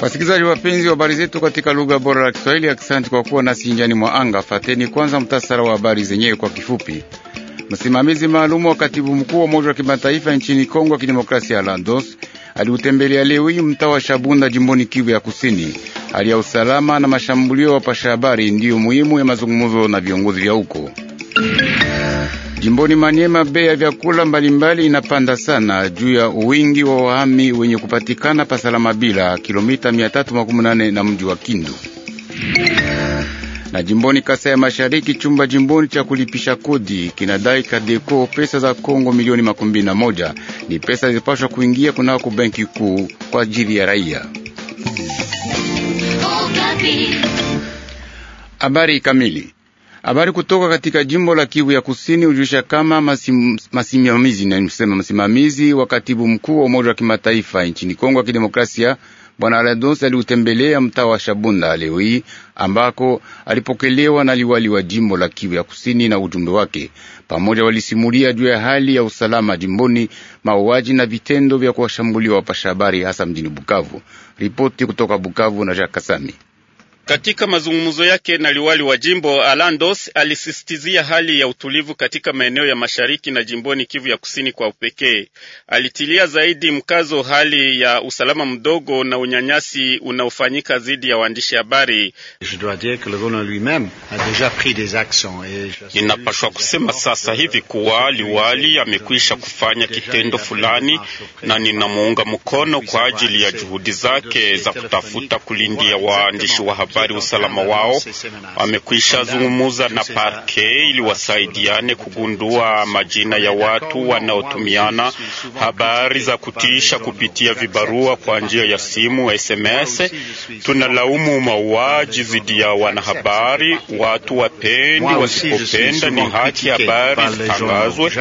Wasikilizaji wapenzi wa habari zetu katika lugha bora la Kiswahili, asante kwa kuwa nasi njiani mwa anga. Fateni kwanza mtasara wa habari zenyewe kwa kifupi. Msimamizi maalumu wa katibu mkuu wa Umoja wa Kimataifa nchini Kongo ya Kidemokrasia ya Landos aliutembelea leo hii mtaa wa Shabunda jimboni Kivu ya Kusini. Hali ya usalama na mashambulio ya wapasha habari ndiyo muhimu ya mazungumzo na viongozi vya huko. Jimboni Maniema, bei ya vyakula mbalimbali inapanda sana juu ya wingi wa wahami wenye kupatikana pasalama bila kilomita 318 na mji wa Kindu. Na jimboni kasa ya Mashariki, chumba jimboni cha kulipisha kodi kinadai Kadeko pesa za Kongo milioni makumi na moja ni pesa zipashwa kuingia kunako benki kuu kwa ajili ya raia. Habari kamili Habari kutoka katika jimbo la Kivu ya Kusini hujulisha kama masim, masimamizi na msema msimamizi wa katibu mkuu wa Umoja wa Kimataifa nchini Kongo ya Kidemokrasia Bwana Aladonsi aliutembelea mtaa wa Shabunda leo hii ambako alipokelewa na liwali wa jimbo la Kivu ya Kusini na ujumbe wake. Pamoja walisimulia juu ya hali ya usalama jimboni, mauaji na vitendo vya kuwashambulia wapasha habari hasa mjini Bukavu. Ripoti kutoka Bukavu na Jacques Kasami. Katika mazungumzo yake na liwali wa jimbo Alandos alisisitizia hali ya utulivu katika maeneo ya mashariki na jimboni Kivu ya kusini kwa upekee. Alitilia zaidi mkazo hali ya usalama mdogo na unyanyasi unaofanyika dhidi ya waandishi habari. Ninapashwa kusema sasa hivi kuwa liwali amekwisha kufanya kitendo fulani, na ninamuunga mkono kwa ajili ya juhudi zake za kutafuta kulindia waandishi wa habari habari usalama wao wamekwisha zungumuza na parke ili wasaidiane kugundua majina ya watu wanaotumiana habari za kutisha kupitia vibarua kwa njia ya simu SMS. Tunalaumu mauaji dhidi ya wanahabari, watu wapendi wasipopenda, ni haki habari zitangazwe.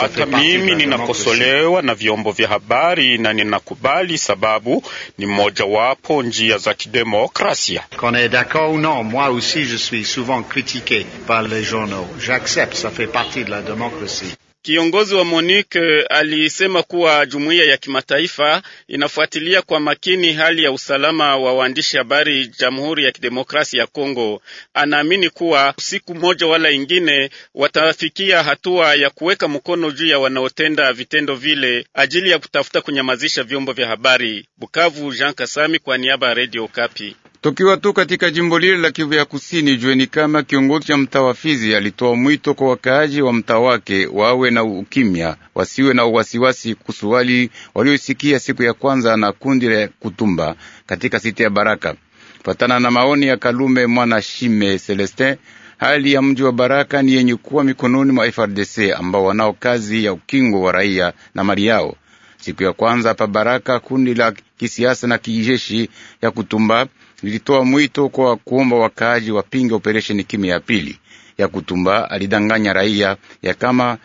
Hata mimi ninakosolewa na vyombo vya habari na ninakubali, sababu ni mojawapo njia za kidemokrasia est d'accord ou non, moi aussi je suis souvent critiqué par les journaux. J'accepte, ça fait partie de la démocratie. Kiongozi wa Monique eh, alisema kuwa jumuiya ya kimataifa inafuatilia kwa makini hali ya usalama wa waandishi habari Jamhuri ya Kidemokrasia ya Kongo. Anaamini kuwa siku moja wala ingine watafikia hatua ya kuweka mkono juu ya wanaotenda vitendo vile ajili ya kutafuta kunyamazisha vyombo vya habari. Bukavu, Jean Kasami kwa niaba ya Radio Kapi. Tukiwa tu katika jimbo lile la Kivu ya Kusini, jueni kama kiongozi cha mtaa wa Fizi alitoa mwito kwa wakaaji wa mtaa wake wawe na ukimya, wasiwe na uwasiwasi kusuali walioisikia siku ya kwanza na kundi la Kutumba katika siti ya Baraka. Patana na maoni ya Kalume Mwana Shime Celestin, hali ya mji wa Baraka ni yenye kuwa mikononi mwa FRDC ambao wanao kazi ya ukingo wa raia na mali yao. Siku ya kwanza pa Baraka, kundi la kisiasa na kijeshi ya Kutumba lilitoa mwito kwa kuomba wakaaji wapinge operesheni kimya ya pili. Ya Kutumba alidanganya raia ya kama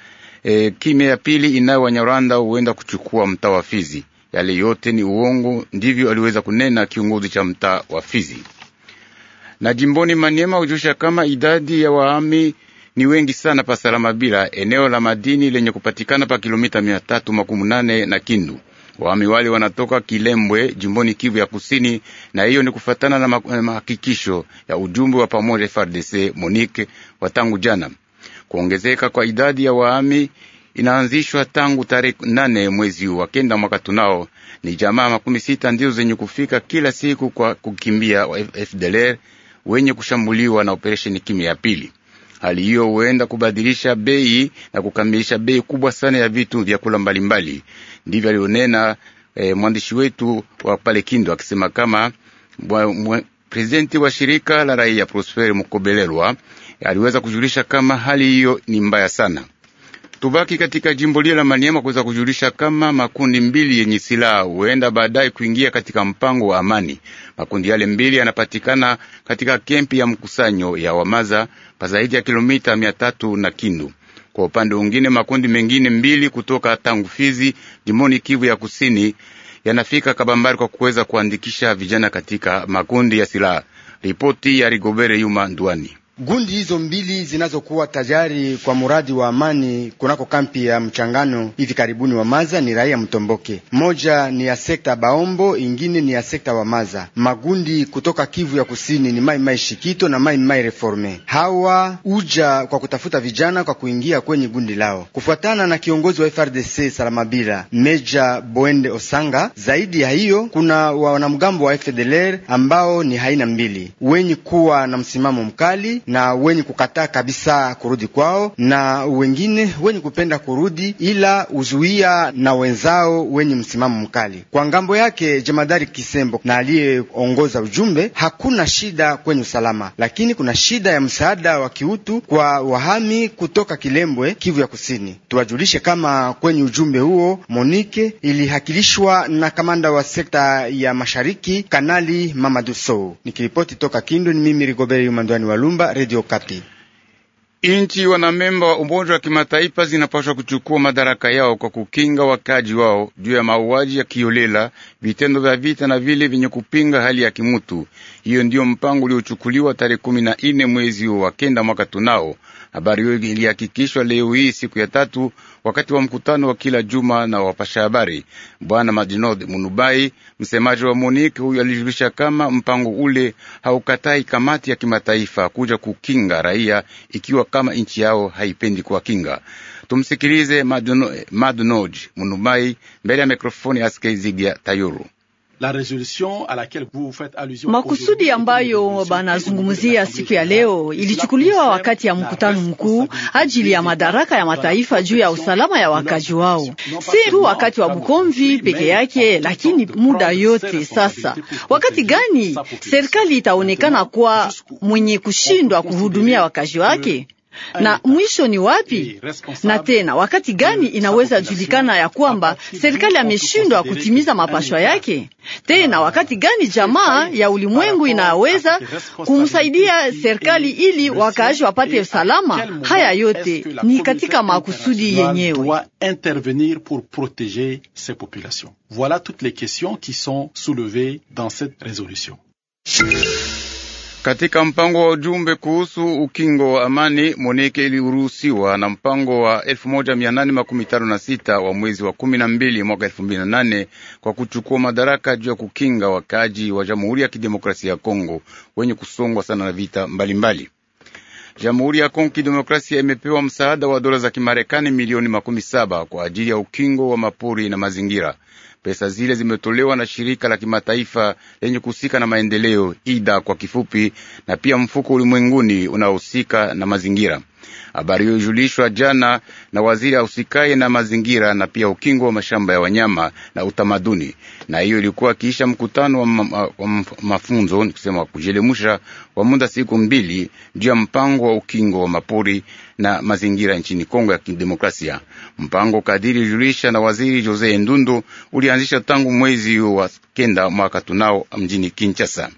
e, kimya ya pili inayo Wanyarwanda huenda kuchukua mtaa wa Fizi. Yale yote ni uongo, ndivyo aliweza kunena kiongozi cha mtaa wa Fizi. Na jimboni Maniema hujusha kama idadi ya wahami ni wengi sana pa Salamabila, eneo la madini lenye kupatikana pa kilomita mia tatu makumi nane na Kindu. waami wale wanatoka Kilembwe, jimboni Kivu ya Kusini, na hiyo ni kufatana na mahakikisho ya ujumbe wa pamoja FARDC Monique wa tangu jana. Kuongezeka kwa idadi ya waami inaanzishwa tangu tarehe nane mwezi wa kenda mwaka tunao. Ni jamaa makumi sita ndizo zenye kufika kila siku kwa kukimbia wa FDLR wenye kushambuliwa na operesheni kimya ya pili. Hali hiyo huenda kubadilisha bei na kukamilisha bei kubwa sana ya vitu vyakula mbalimbali. Ndivyo alionena eh, mwandishi wetu wa pale Kindo akisema kama prezidenti wa shirika la raia Prosper Mukobelelwa aliweza kujulisha kama hali hiyo ni mbaya sana. Tubaki katika jimbo lile la Maniema kuweza kujulisha kama makundi mbili yenye silaha huenda baadaye kuingia katika mpango wa amani. Makundi yale mbili yanapatikana katika kempi ya mkusanyo ya Wamaza kwa zaidi ya kilomita mia tatu na Kindu. Kwa upande mwingine, makundi mengine mbili kutoka tangu Fizi jimoni Kivu ya kusini yanafika Kabambari kwa kuweza kuandikisha vijana katika makundi ya silaha. Ripoti ya Rigobere Yuma Ndwani. Gundi hizo mbili zinazokuwa tayari kwa muradi wa amani kunako kampi ya mchangano hivi karibuni wa Maza ni raia Mtomboke. Moja ni ya sekta Baombo, ingine ni ya sekta wa Maza. Magundi kutoka Kivu ya Kusini ni Mai Mai Shikito na Mai Mai Reforme. Hawa uja kwa kutafuta vijana kwa kuingia kwenye gundi lao. Kufuatana na kiongozi wa FRDC Salamabila, Meja Boende Osanga, zaidi ya hiyo kuna wanamgambo wa FDLR ambao ni haina mbili wenye kuwa na msimamo mkali na wenye kukataa kabisa kurudi kwao, na wengine wenye kupenda kurudi, ila uzuia na wenzao wenye msimamo mkali. Kwa ngambo yake jemadari Kisembo na aliyeongoza ujumbe, hakuna shida kwenye usalama, lakini kuna shida ya msaada wa kiutu kwa wahami kutoka Kilembwe, Kivu ya Kusini. Tuwajulishe kama kwenye ujumbe huo Monike ilihakilishwa na kamanda wa sekta ya mashariki Kanali Mamadusou. Nikiripoti toka Kindu, ni mimi Rigobert wa Lumba, ya Radio Kapi. Inchi wanamemba wa Umoja wa Kimataifa zinapaswa kuchukua madaraka yao kwa kukinga wakaji wao juu ya mauaji ya kiolela, vitendo vya vita na vile vyenye kupinga hali ya kimutu. Hiyo ndiyo mpango uliochukuliwa tarehe kumi na ine mwezi wa kenda mwaka tunao Habari hiyo ilihakikishwa leo hii siku ya tatu wakati wa mkutano wa kila juma na wapasha habari. Bwana Madinod Munubai, msemaji wa MONUC, huyu alijulisha kama mpango ule haukatai kamati ya kimataifa kuja kukinga raia, ikiwa kama nchi yao haipendi kuwakinga. Tumsikilize madnoj Munubai mbele ya mikrofoni ya Askezigia Tayuru la resolution à laquelle vous faites allusion. Makusudi ambayo banazungumzia siku ya leo ilichukuliwa wakati ya mkutano mkuu ajili ya madaraka ya mataifa juu ya usalama ya wakazi wao, si tu wakati wa Bukomvi peke yake, lakini muda yote. Sasa wakati gani serikali itaonekana kuwa mwenye kushindwa kuhudumia wakazi wake? na mwisho ni wapi na tena wakati gani inaweza julikana ya kwamba serikali ameshindwa kutimiza mapashwa yake? Tena wakati gani jamaa ya ulimwengu inaweza kumsaidia serikali ili wakaaji wapate usalama? Haya yote ni katika makusudi yenyewe. Voilà toutes les questions qui sont soulevées dans cette résolution. Katika mpango wa ujumbe kuhusu ukingo wa amani Monike iliruhusiwa na mpango wa 1856 wa mwezi wa 12 mwaka 2008 kwa kuchukua madaraka juu ya kukinga wakaaji wa Jamhuri ya Kidemokrasia ya Kongo wenye kusongwa sana na vita mbalimbali mbali. Jamhuri ya Kongo Kidemokrasia imepewa msaada wa dola za Kimarekani milioni makumi saba kwa ajili ya ukingo wa mapori na mazingira. Pesa zile zimetolewa na shirika la kimataifa lenye kuhusika na maendeleo IDA kwa kifupi, na pia mfuko ulimwenguni unaohusika na mazingira. Habari hiyo ilijulishwa jana na waziri ausikaye na mazingira na pia ukingo wa mashamba ya wanyama na utamaduni, na hiyo ilikuwa akiisha mkutano wa, ma, wa mafunzo ni kusema kujelemusha wa muda siku mbili juu ya mpango wa ukingo wa mapori na mazingira nchini Kongo ya Kidemokrasia. Mpango kadiri ilijulisha na waziri Jose Ndundu ulianzisha tangu mwezi wa kenda mwaka tunao mjini Kinshasa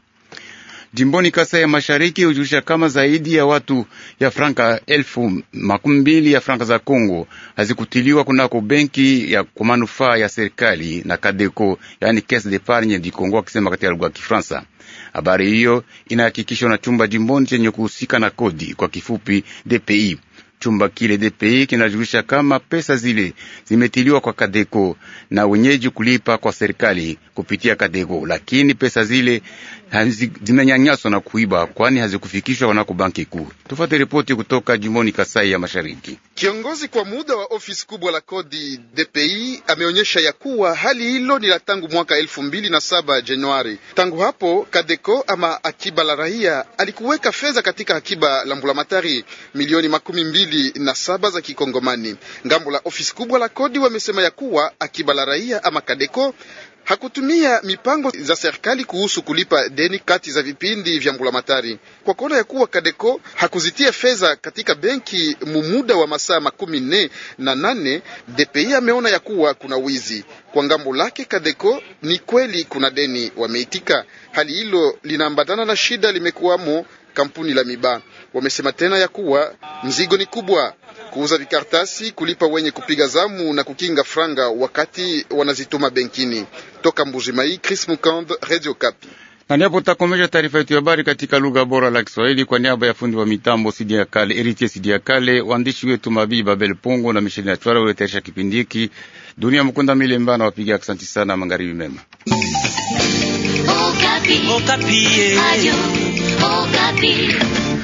jimboni Kasa ya Mashariki hujulisha kama zaidi ya watu ya franka elfu makumi mbili ya franka za Kongo hazikutiliwa kunako benki ya kwa manufaa ya serikali na Kadeko, yaani Caisse d'Epargne du Congo, akisema katika lugha ya Kifaransa. Habari hiyo inahakikishwa na chumba jimboni chenye kuhusika na kodi, kwa kifupi DPI. Chumba kile DPI kinajulisha kama pesa zile zimetiliwa kwa Kadeko na wenyeji kulipa kwa serikali kupitia Kadeko, lakini pesa zile zimenyanyaswa na kuiba, kwani hazikufikishwa wanako banki kuu. Tufate ripoti kutoka jimboni Kasai ya Mashariki. Kiongozi kwa muda wa ofisi kubwa la kodi DPI ameonyesha ya kuwa hali hilo ni la tangu mwaka elfu mbili na saba Januari. Tangu hapo Kadeko ama akiba la raia alikuweka fedha katika akiba la Mbulamatari milioni makumi mbili na saba za kikongomani. Ngambo la ofisi kubwa la kodi wamesema ya kuwa akiba la raia ama Kadeko hakutumia mipango za serikali kuhusu kulipa deni kati za vipindi vya mbulamatari kwa kuona ya kuwa Kadeko hakuzitia fedha katika benki mumuda wa masaa makumi nne na nane. DPI ameona ya kuwa kuna wizi kwa ngambo lake. Kadeko ni kweli kuna deni wameitika, hali hilo linaambatana na shida limekuwamo kampuni la Miba. Wamesema tena ya kuwa mzigo ni kubwa kuuza vikartasi, kulipa wenye kupiga zamu na kukinga franga wakati wanazituma benkini. Toka Mbujimai, Chris Mukand, Radio Kapi. Na niapo takomesha taarifa yetu ya habari katika lugha bora la Kiswahili kwa niaba ya fundi wa mitambo Sidia Kale, Eritier Sidia Kale, waandishi wetu Mabii Babel Pongo na Michel Natwara waletayarisha kipindi hiki. Dunia Mkunda Milemba na wapiga asante sana, magharibi mema. Okapi. Oh, Okapi. Oh,